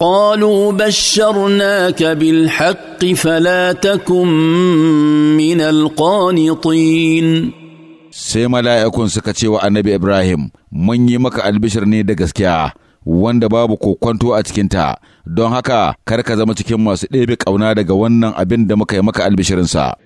قالوا بشرناك بالحق فلا تكن من القانطين sai mala'ikun suka ce wa annabi Ibrahim, Mun yi maka albishir ne da gaskiya, wanda babu kokwanto a cikinta, don haka kar ka zama cikin masu ɗebe ƙauna daga wannan abin da muka yi maka albishirinsa.